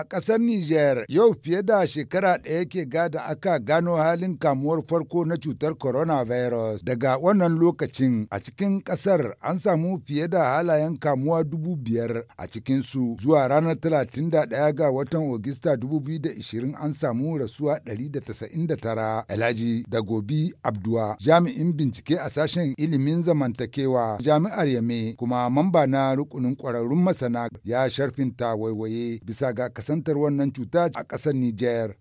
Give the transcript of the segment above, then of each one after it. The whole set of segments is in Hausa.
a ƙasar Nijar yau fiye da shekara ɗaya ke gada aka gano halin kamuwar farko na cutar coronavirus. Daga wannan lokacin a cikin ƙasar an samu fiye da halayen kamuwa dubu biyar a cikin su. zuwa ranar 31 ga watan Ogista 2020 an samu rasuwa 199 da Gobi Abduwa jami'in bincike a sashen ilimin zamantakewa jami'ar Yame kuma mamba na rukunin ƙwararrun masana ya sharfinta waiwaye bisa ga kasa kusantar wannan cuta a ƙasar Nijar.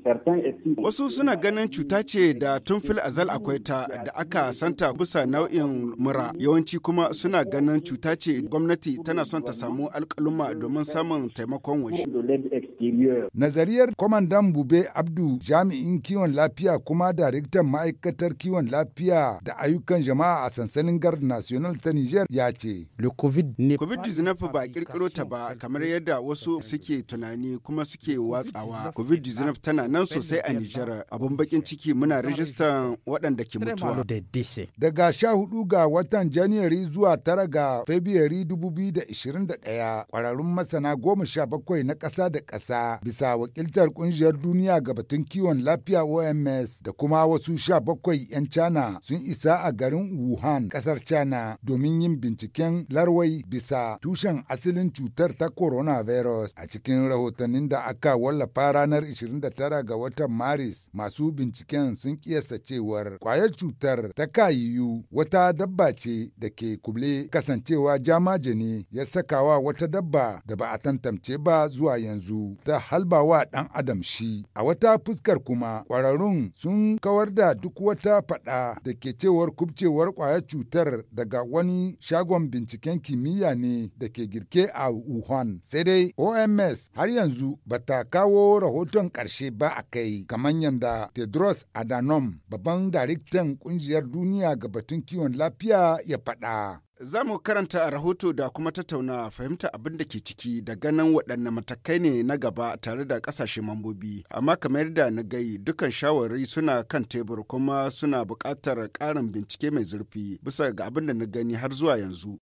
Wasu suna ganin cuta ce da tun fil azal akwai ta da aka santa bisa nau'in mura yawanci kuma suna ganin cuta ce gwamnati tana son ta samu alƙaluma domin samun taimakon waje. Nazariyar kwamandan Bube Abdu jami'in kiwon lafiya kuma daraktan ma'aikatar kiwon lafiya da ayyukan jama'a a sansanin Gard National ta Nijar ya ce. COVID-19 ba ƙirƙiro ta ba kamar yadda wasu suke tunani kuma kuma suke watsawa covid-19 tana nan sosai a nijar abun bakin ciki muna rijistan waɗanda ke mutuwa daga sha hudu ga watan janairu zuwa tara ga february 2021 kwararrun masana goma sha bakwai na ƙasa da ƙasa bisa wakiltar ƙungiyar duniya ga batun kiwon lafiya oms da kuma wasu sha bakwai 'yan cana sun isa a garin wuhan ƙasar cana domin yin binciken larwai bisa tushen asalin cutar ta coronavirus a cikin rahotannin da aka wallafa ranar 29 ga watan Maris masu binciken sun kiyasta cewar kwayar cutar ta kayiyu wata dabba ce da ke kuble kasancewa jamaje ne ya sakawa wata dabba da ba a tantance ba zuwa yanzu ta halbawa dan adam shi. A wata fuskar kuma kwararrun sun kawar da duk wata fada da ke cewar kubcewar kwayar cutar daga wani shagon binciken kimiyya ne da ke girke a Wuhan. Sai dai OMS har yanzu bata kawo rahoton ƙarshe ba a kai kamar yadda Tedros Adhanom babban daraktan ƙungiyar duniya ga batun kiwon lafiya ya faɗa. Za mu karanta rahoto da kuma tattauna fahimta abin da ke ciki da ganin waɗanne matakai ne na gaba tare da ƙasashe mambobi. Amma kamar da na gai dukan shawarwari suna kan tebur kuma suna buƙatar ƙarin bincike mai zurfi bisa ga abin da na gani har zuwa yanzu.